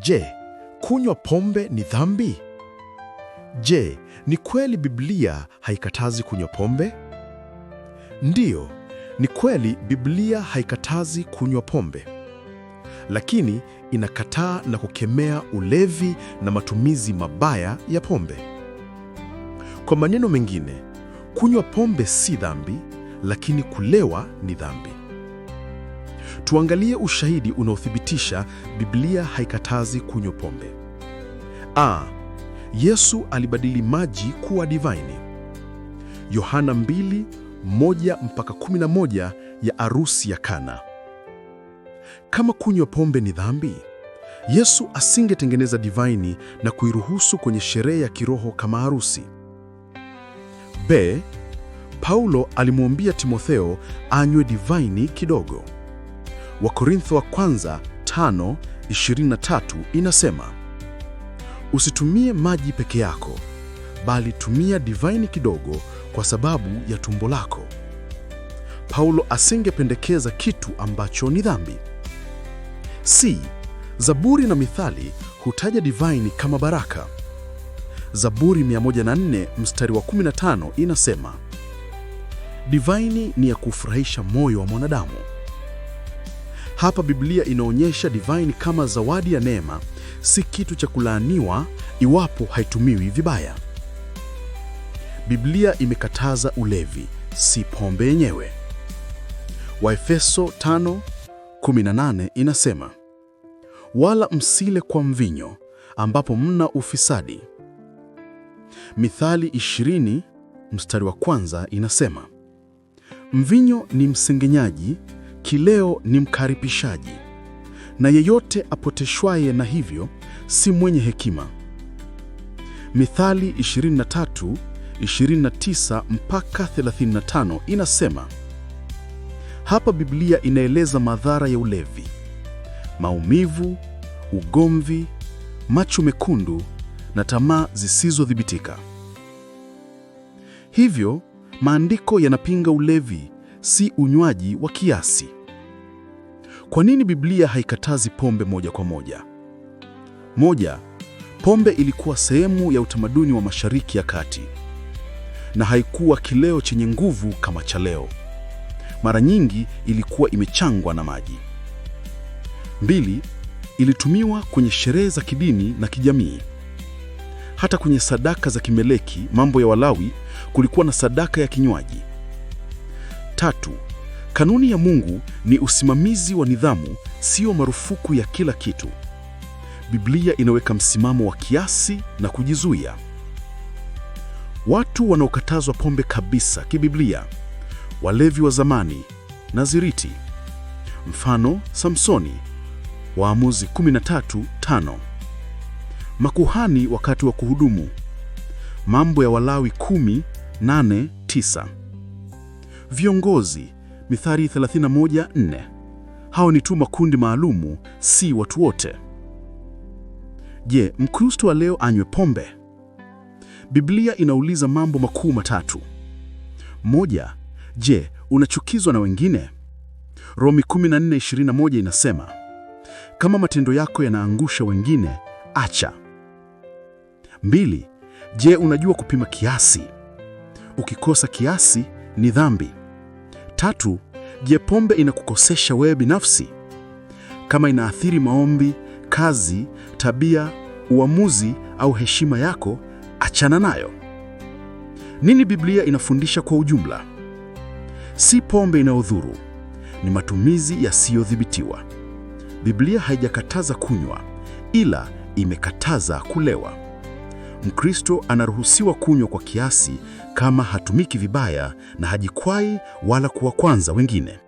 Je, kunywa pombe ni dhambi? Je, ni kweli Biblia haikatazi kunywa pombe? Ndiyo, ni kweli Biblia haikatazi kunywa pombe, lakini inakataa na kukemea ulevi na matumizi mabaya ya pombe. Kwa maneno mengine, kunywa pombe si dhambi, lakini kulewa ni dhambi. Tuangalie ushahidi unaothibitisha Biblia haikatazi kunywa pombe. A. Yesu alibadili maji kuwa divaini. Yohana 2:1 mpaka ya arusi ya Kana. Kama kunywa pombe ni dhambi, Yesu asingetengeneza divaini na kuiruhusu kwenye sherehe ya kiroho kama harusi. B. Paulo alimwambia Timotheo anywe divaini kidogo. Wakorintho wa kwanza 5:23 inasema, usitumie maji peke yako, bali tumia divaini kidogo kwa sababu ya tumbo lako. Paulo asingependekeza kitu ambacho ni dhambi. Si Zaburi na Mithali hutaja divaini kama baraka. Zaburi 104 mstari wa 15 inasema, divaini ni ya kufurahisha moyo wa mwanadamu. Hapa Biblia inaonyesha divaini kama zawadi ya neema, si kitu cha kulaaniwa iwapo haitumiwi vibaya. Biblia imekataza ulevi, si pombe yenyewe. Waefeso 5:18 inasema, wala msile kwa mvinyo ambapo mna ufisadi. Mithali 20 mstari wa kwanza inasema, mvinyo ni msengenyaji kileo ni mkaribishaji, na yeyote apoteshwaye na hivyo si mwenye hekima. Mithali 23, 29 mpaka 35 inasema. Hapa Biblia inaeleza madhara ya ulevi: maumivu, ugomvi, macho mekundu na tamaa zisizodhibitika. Hivyo maandiko yanapinga ulevi, si unywaji wa kiasi. Kwa nini Biblia haikatazi pombe moja kwa moja? Moja, pombe ilikuwa sehemu ya utamaduni wa Mashariki ya Kati na haikuwa kileo chenye nguvu kama cha leo. Mara nyingi ilikuwa imechangwa na maji. Mbili, ilitumiwa kwenye sherehe za kidini na kijamii. Hata kwenye sadaka za Kimeleki, mambo ya Walawi, kulikuwa na sadaka ya kinywaji. Tatu, Kanuni ya Mungu ni usimamizi wa nidhamu, sio marufuku ya kila kitu. Biblia inaweka msimamo wa kiasi na kujizuia. Watu wanaokatazwa pombe kabisa kibiblia: walevi wa zamani, naziriti. Mfano Samsoni, Waamuzi 13:5. Makuhani wakati wa kuhudumu, Mambo ya Walawi 10:8-9. Viongozi Mithali 31:4. Hao ni tu makundi maalumu, si watu wote. Je, Mkristo wa leo anywe pombe? Biblia inauliza mambo makuu matatu. Moja, je, unachukizwa na wengine? Romi 14:21 inasema, kama matendo yako yanaangusha wengine, acha. Mbili, je, unajua kupima kiasi? Ukikosa kiasi ni dhambi. Tatu, je, pombe inakukosesha wewe binafsi? Kama inaathiri maombi, kazi, tabia, uamuzi au heshima yako, achana nayo. Nini Biblia inafundisha kwa ujumla? Si pombe inayodhuru, ni matumizi yasiyodhibitiwa. Biblia haijakataza kunywa, ila imekataza kulewa. Mkristo anaruhusiwa kunywa kwa kiasi kama hatumiki vibaya na hajikwai wala kuwa kwanza wengine.